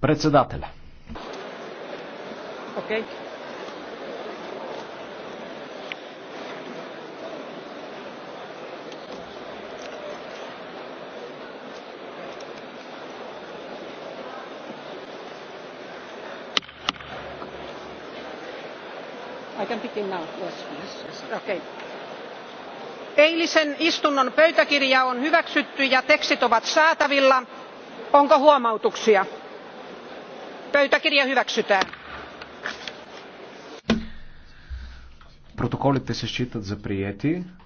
Председателя. Okay. I can pick him now. Yes, yes, yes. Okay eilisen istunnon pöytäkirja on hyväksytty ja tekstit ovat saatavilla. onko huomautuksia? pöytäkirja hyväksytään. Protokollit се считат за приети.